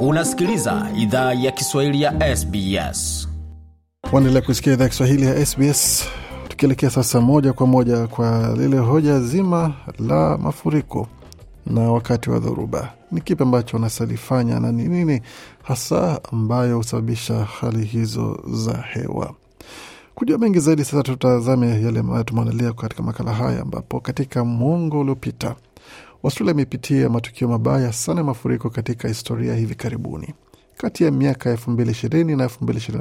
Unasikiliza idhaa ya Kiswahili ya SBS. Waendelea kusikia idhaa ya Kiswahili ya SBS, tukielekea sasa moja kwa moja kwa lile hoja zima la mafuriko na wakati wa dhoruba. Ni kipi ambacho unasalifanya na ni nini hasa ambayo husababisha hali hizo za hewa? Kujua mengi zaidi, sasa tutazame yale ambayo tumeandalia katika makala haya, ambapo katika mwongo uliopita Australia imepitia matukio mabaya sana ya mafuriko katika historia hivi karibuni. Kati ya miaka ishirini na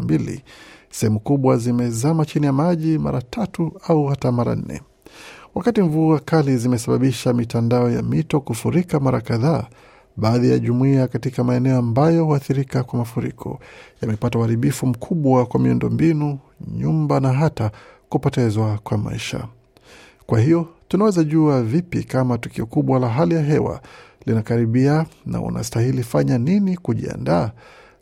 mbili sehemu kubwa zimezama chini ya maji mara tatu au hata mara nne. Wakati mvua kali zimesababisha mitandao ya mito kufurika mara kadhaa, baadhi ya jumuiya katika maeneo ambayo huathirika kwa mafuriko yamepata uharibifu mkubwa kwa miundombinu, nyumba na hata kupotezwa kwa maisha. Kwa hiyo tunaweza jua vipi kama tukio kubwa la hali ya hewa linakaribia na unastahili fanya nini kujiandaa?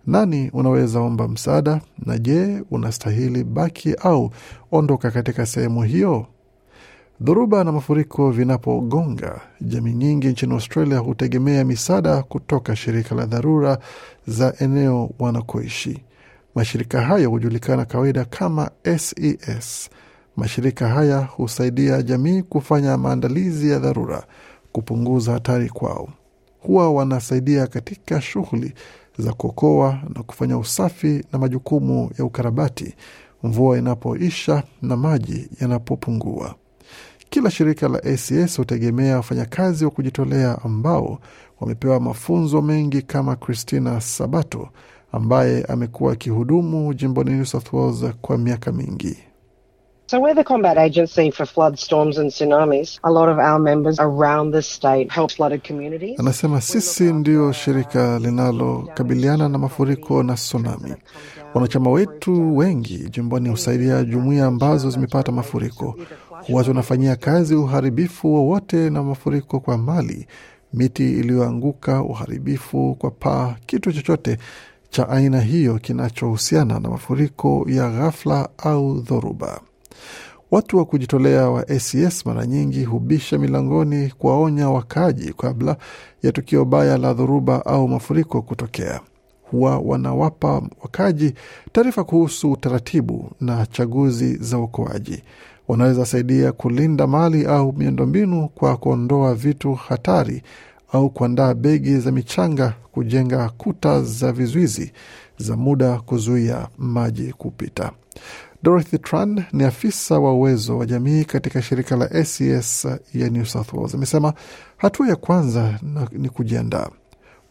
Nani unaweza omba msaada? Na je, unastahili baki au ondoka katika sehemu hiyo? Dhoruba na mafuriko vinapogonga, jamii nyingi nchini Australia hutegemea misaada kutoka shirika la dharura za eneo wanakoishi. Mashirika hayo hujulikana kawaida kama SES e Mashirika haya husaidia jamii kufanya maandalizi ya dharura, kupunguza hatari kwao. Huwa wanasaidia katika shughuli za kuokoa na kufanya usafi na majukumu ya ukarabati mvua inapoisha na maji yanapopungua. Kila shirika la ACS hutegemea wafanyakazi wa kujitolea ambao wamepewa mafunzo mengi kama Christina Sabato ambaye amekuwa akihudumu jimboni New South Wales kwa miaka mingi. So we're the combat agency for floods, storms and tsunamis. A lot of our members around the state help flooded communities. Anasema sisi ndio shirika linalokabiliana na mafuriko na tsunami. Wanachama wetu wengi jimboni husaidia jumuiya ambazo zimepata mafuriko. Huwa tunafanyia kazi uharibifu wowote na mafuriko kwa mali, miti iliyoanguka, uharibifu kwa paa, kitu chochote cha aina hiyo kinachohusiana na mafuriko ya ghafla au dhoruba. Watu wa kujitolea wa ACS e mara nyingi hubisha milangoni kuwaonya wakaaji kabla ya tukio baya la dhoruba au mafuriko kutokea. Huwa wanawapa wakaji taarifa kuhusu utaratibu na chaguzi za uokoaji. Wanaweza saidia kulinda mali au miundombinu kwa kuondoa vitu hatari au kuandaa begi za michanga, kujenga kuta za vizuizi za muda kuzuia maji kupita. Dorothy Tran ni afisa wa uwezo wa jamii katika shirika la SES e ya New South Wales amesema hatua ya kwanza ni kujiandaa.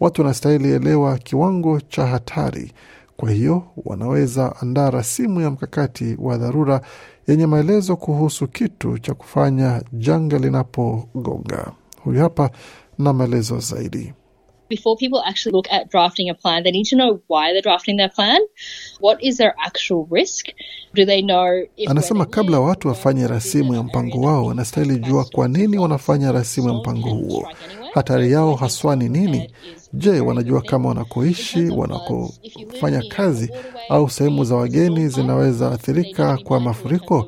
Watu wanastahili elewa kiwango cha hatari, kwa hiyo wanaweza andaa rasimu ya mkakati wa dharura yenye maelezo kuhusu kitu cha kufanya janga linapogonga. Huyu hapa na maelezo zaidi. Before people actually look at drafting a plan, they need to know why they're drafting their plan. What is their actual risk? Do they know if anasema kabla watu wafanye rasimu ya mpango wao, wanastahili jua kwa nini wanafanya rasimu ya mpango huo, hatari yao haswa ni nini, Je, wanajua kama wanakoishi, wanakofanya kazi au sehemu za wageni zinaweza athirika kwa mafuriko?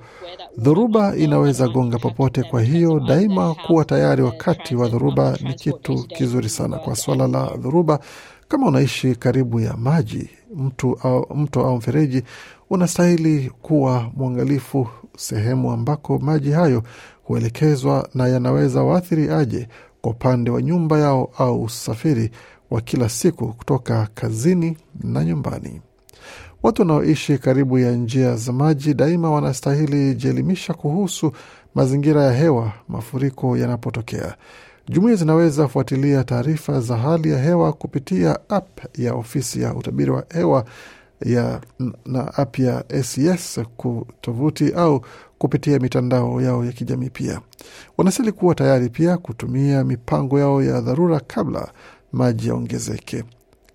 Dhoruba inaweza gonga popote, kwa hiyo daima kuwa tayari wakati wa dhoruba ni kitu kizuri sana. Kwa suala la dhoruba, kama unaishi karibu ya maji, mtu au, mto au mfereji, unastahili kuwa mwangalifu sehemu ambako maji hayo huelekezwa na yanaweza waathiri aje kwa upande wa nyumba yao au usafiri wa kila siku kutoka kazini na nyumbani. Watu wanaoishi karibu ya njia za maji daima wanastahili jielimisha kuhusu mazingira ya hewa mafuriko yanapotokea. Jumuiya zinaweza fuatilia taarifa za hali ya hewa kupitia app ya ofisi ya utabiri wa hewa ya na app ya SES kutovuti au kupitia mitandao yao ya kijamii. Pia wanasili kuwa tayari pia kutumia mipango yao ya dharura kabla maji yaongezeke.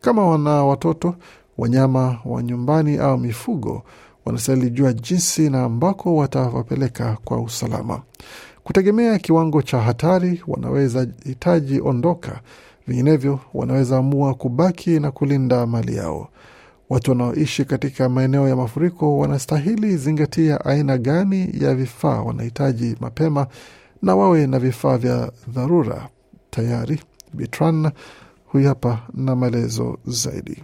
Kama wana watoto, wanyama wa nyumbani au mifugo, wanastahili jua jinsi na ambako watawapeleka kwa usalama. Kutegemea kiwango cha hatari, wanaweza hitaji ondoka, vinginevyo wanaweza amua kubaki na kulinda mali yao. Watu wanaoishi katika maeneo ya mafuriko wanastahili zingatia aina gani ya vifaa wanahitaji mapema na wawe na vifaa vya dharura tayari. Bitran Huyu hapa na maelezo zaidi.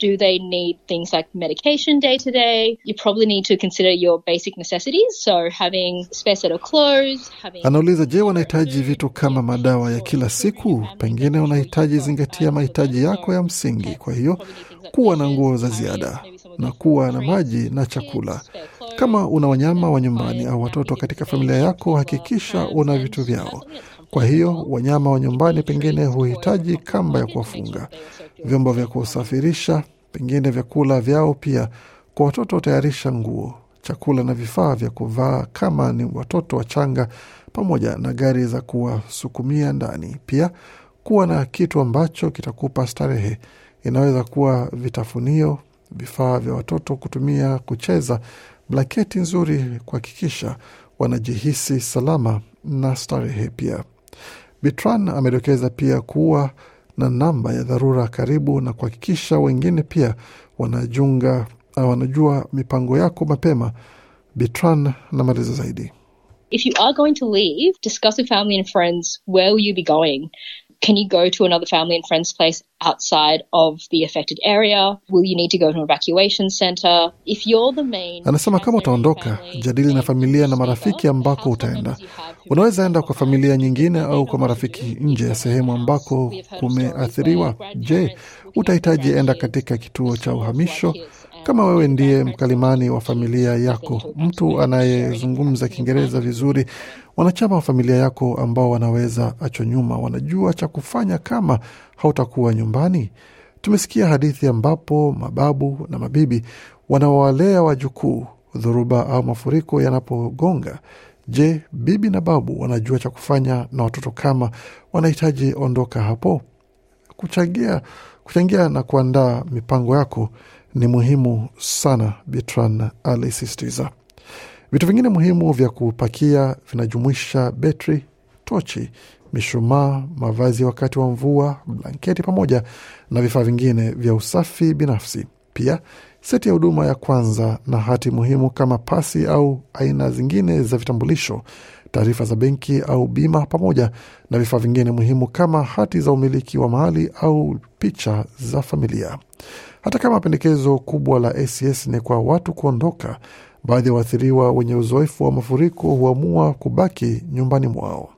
Do they need things like medication day to day? You probably need to consider your basic necessities. So having spare set of clothes, having... Anauliza, je, wanahitaji vitu kama madawa ya kila siku? Pengine unahitaji zingatia mahitaji yako ya msingi. Kwa hiyo kuwa na nguo za ziada na kuwa na maji na chakula. Kama una wanyama wa nyumbani au watoto katika familia yako, hakikisha una vitu vyao kwa hiyo wanyama wa nyumbani pengine huhitaji kamba ya kuwafunga. Vyombo vya kusafirisha, pengine vyakula vyao, pia kwa watoto watayarisha nguo, chakula na vifaa vya kuvaa kama ni watoto wachanga, pamoja na gari za kuwasukumia ndani. Pia kuwa na kitu ambacho kitakupa starehe, inaweza kuwa vitafunio, vifaa vya watoto kutumia kucheza, blanketi nzuri, kuhakikisha wanajihisi salama na starehe pia. Bitran amedokeza pia kuwa na namba ya dharura karibu na kuhakikisha wengine pia wanajunga, ah, wanajua mipango yako mapema. Bitran maelezo zaidi. If you are going to leave, discuss with family and friends where will you be going Can you go to another family and friends place outside of the affected area? Will you need to go to an evacuation center? If you're the main Anasema kama utaondoka, jadili na familia na marafiki ambako utaenda. Unaweza enda kwa familia nyingine au kwa marafiki nje ya sehemu ambako kumeathiriwa. Je, utahitaji enda katika kituo cha uhamisho? Kama wewe ndiye mkalimani wa familia yako, mtu anayezungumza Kiingereza vizuri, wanachama wa familia yako ambao wanaweza acho nyuma wanajua cha kufanya kama hautakuwa nyumbani. Tumesikia hadithi ambapo mababu na mabibi wanawalea wajukuu dhoruba au mafuriko yanapogonga. Je, bibi na babu wanajua cha kufanya na watoto kama wanahitaji ondoka hapo? Kuchangia, kuchangia na kuandaa mipango yako ni muhimu sana, Bitran alisisitiza. Vitu vingine muhimu vya kupakia vinajumuisha betri, tochi, mishumaa, mavazi wakati wa mvua, blanketi pamoja na vifaa vingine vya usafi binafsi. Pia seti ya huduma ya kwanza na hati muhimu kama pasi au aina zingine za vitambulisho taarifa za benki au bima, pamoja na vifaa vingine muhimu kama hati za umiliki wa mahali au picha za familia. Hata kama pendekezo kubwa la acs ni kwa watu kuondoka, baadhi ya waathiriwa wenye uzoefu wa mafuriko huamua kubaki nyumbani mwao.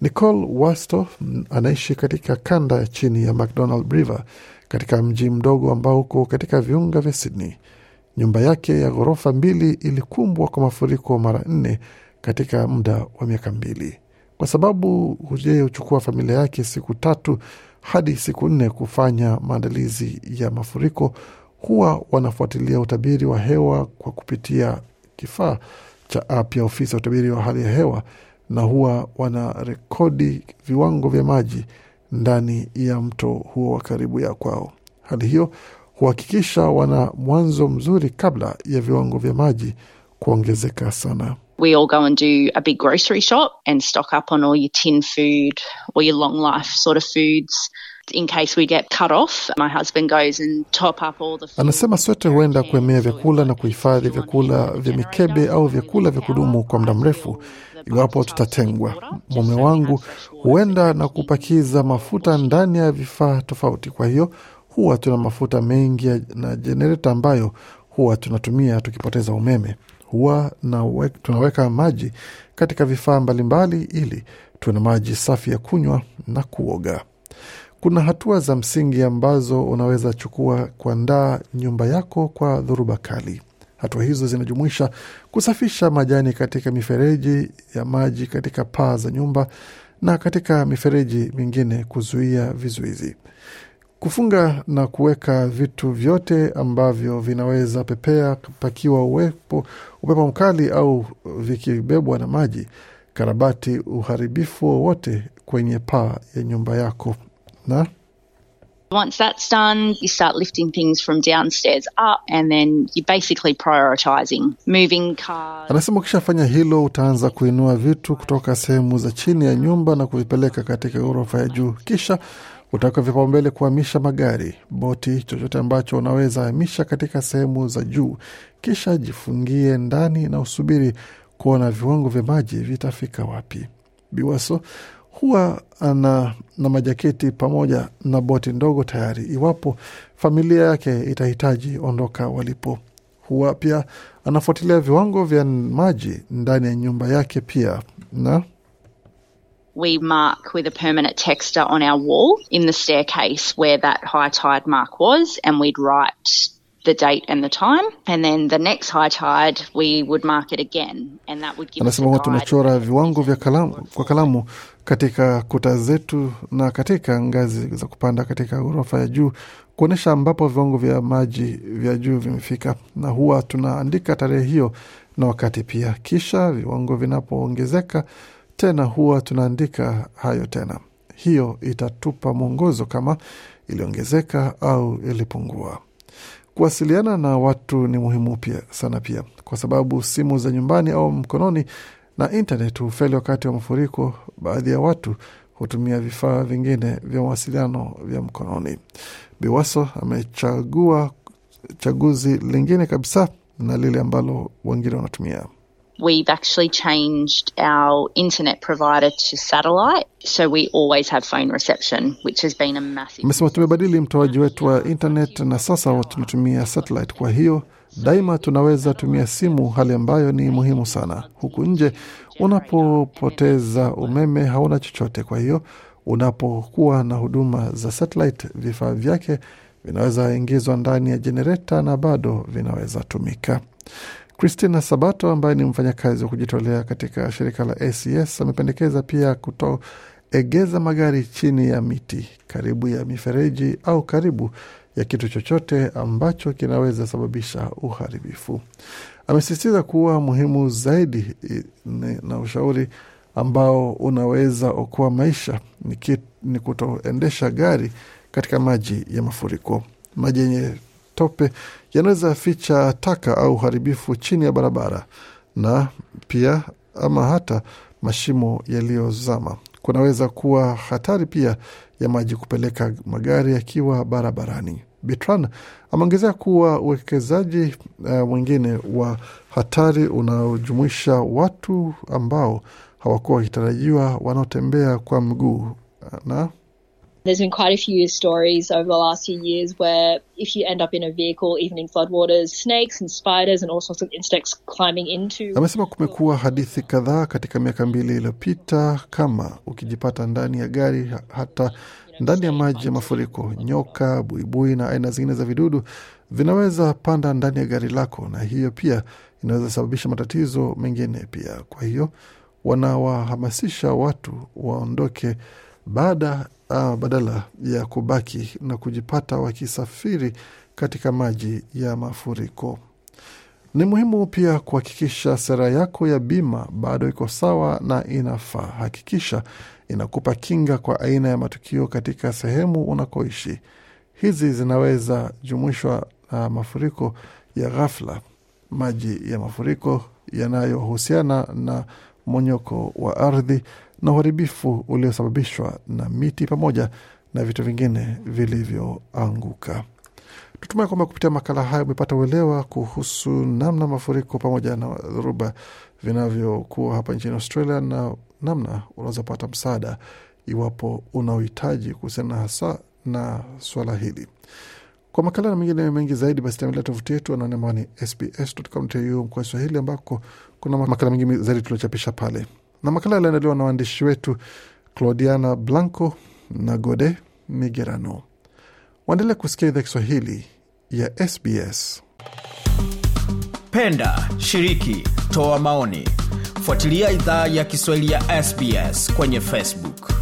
Nicole Wasto anaishi katika kanda ya chini ya McDonald River katika mji mdogo ambao uko katika viunga vya Sydney. Nyumba yake ya ghorofa mbili ilikumbwa kwa mafuriko mara nne katika muda wa miaka mbili, kwa sababu yeye huchukua familia yake siku tatu hadi siku nne kufanya maandalizi ya mafuriko. Huwa wanafuatilia utabiri wa hewa kwa kupitia kifaa cha app ya ofisi ya utabiri wa hali ya hewa, na huwa wanarekodi viwango vya maji ndani ya mto huo wa karibu ya kwao. Hali hiyo huhakikisha wana mwanzo mzuri kabla ya viwango vya maji kuongezeka sana we all go and do a big grocery shop and stock up on all your tin food or your long life sort of foods in case we get cut off. My husband goes and top up all the food. Anasema sote huenda kuemea vyakula na kuhifadhi vyakula vya mikebe au vyakula vya kudumu kwa muda mrefu iwapo tutatengwa. Mume wangu huenda na kupakiza mafuta ndani ya vifaa tofauti, kwa hiyo huwa tuna mafuta mengi na jenereta ambayo huwa tunatumia tukipoteza umeme huwa tunaweka maji katika vifaa mbalimbali ili tuwe na maji safi ya kunywa na kuoga. Kuna hatua za msingi ambazo unaweza chukua kuandaa nyumba yako kwa dhoruba kali. Hatua hizo zinajumuisha kusafisha majani katika mifereji ya maji katika paa za nyumba na katika mifereji mingine kuzuia vizuizi kufunga na kuweka vitu vyote ambavyo vinaweza pepea pakiwa uwepo, upepo mkali au vikibebwa na maji. Karabati uharibifu wowote kwenye paa ya nyumba yako na Once that's done, you start lifting things from downstairs up and then you're basically prioritizing moving cars. Anasema ukishafanya hilo utaanza kuinua vitu kutoka sehemu za chini ya nyumba na kuvipeleka katika ghorofa ya juu kisha utaweka vipaumbele kuhamisha magari, boti, chochote ambacho unaweza hamisha katika sehemu za juu, kisha jifungie ndani na usubiri kuona viwango vya maji vitafika wapi. Biwaso huwa ana na majaketi pamoja na boti ndogo tayari, iwapo familia yake itahitaji ondoka walipo. Huwa pia anafuatilia viwango vya maji ndani ya nyumba yake pia na we mark with a permanent texter on our wall in the staircase where that high tide mark was, and we'd write the date and the time, and then the next high tide we would mark it again, and that would give. Anasema huwa tunachora viwango vya kalamu kwa kalamu katika kuta zetu na katika ngazi za kupanda katika ghorofa ya juu kuonyesha ambapo viwango vya maji vya juu vimefika, na huwa tunaandika tarehe hiyo na wakati pia. Kisha viwango vinapoongezeka tena huwa tunaandika hayo tena. Hiyo itatupa mwongozo kama iliongezeka au ilipungua. Kuwasiliana na watu ni muhimu pia sana pia, kwa sababu simu za nyumbani au mkononi na intnet hufeli wakati wa mafuriko. Baadhi ya watu hutumia vifaa vingine vya mawasiliano vya mkononi. Biwaso amechagua chaguzi lingine kabisa na lile ambalo wengine wanatumia we've actually changed our internet provider to satellite, so we always have phone reception, which has been a massive. Mesema tumebadili mtoaji wetu wa internet na sasa tunatumia satellite, kwa hiyo daima tunaweza tumia simu, hali ambayo ni muhimu sana. Huku nje unapopoteza umeme hauna chochote, kwa hiyo unapokuwa na huduma za satellite, vifaa vyake vinaweza ingizwa ndani ya jenereta na bado vinaweza tumika. Christina Sabato ambaye ni mfanyakazi wa kujitolea katika shirika la acs amependekeza pia kutoegeza magari chini ya miti, karibu ya mifereji au karibu ya kitu chochote ambacho kinaweza sababisha uharibifu. Amesisitiza kuwa muhimu zaidi na ushauri ambao unaweza okoa maisha ni kutoendesha gari katika maji ya mafuriko. Maji yenye tope yanaweza ficha taka au uharibifu chini ya barabara na pia ama hata mashimo yaliyozama. Kunaweza kuwa hatari pia ya maji kupeleka magari yakiwa barabarani. Bitran ameongezea kuwa uwekezaji eh, mwingine uh, wa hatari unaojumuisha watu ambao hawakuwa wakitarajiwa wanaotembea kwa mguu eh, na There's been quite a few stories over the last few years where if you end up in a vehicle, even in floodwaters, snakes and spiders and all sorts of insects climbing into. Amesema kumekuwa hadithi kadhaa katika miaka mbili iliyopita, kama ukijipata ndani ya gari hata ndani ya maji ya mafuriko, nyoka, buibui na aina zingine za vidudu vinaweza panda ndani ya gari lako, na hiyo pia inaweza sababisha matatizo mengine pia. Kwa hiyo wanawahamasisha watu waondoke baada uh, badala ya kubaki na kujipata wakisafiri katika maji ya mafuriko. Ni muhimu pia kuhakikisha sera yako ya bima bado iko sawa na inafaa. Hakikisha inakupa kinga kwa aina ya matukio katika sehemu unakoishi. Hizi zinaweza jumuishwa na mafuriko ya ghafla, maji ya mafuriko yanayohusiana na monyoko wa ardhi na uharibifu uliosababishwa na miti pamoja na vitu vingine vilivyoanguka. Tutumai kwamba kupitia makala haya umepata uelewa kuhusu namna mafuriko pamoja na dhoruba vinavyokuwa hapa nchini Australia na namna unaweza pata msaada iwapo unaohitaji kuhusiana hasa na swala hili. Kwa makala na mengine mengi zaidi, basi tembelea tovuti yetu anaone ambao ni sbs.com.au kwa Swahili, ambako kuna makala mengi zaidi tuliochapisha pale na makala yaliandaliwa na waandishi wetu Claudiana Blanco na Gode Migerano. Waendelea kusikia idhaa Kiswahili ya SBS. Penda, shiriki, toa maoni, fuatilia idhaa ya Kiswahili ya SBS kwenye Facebook.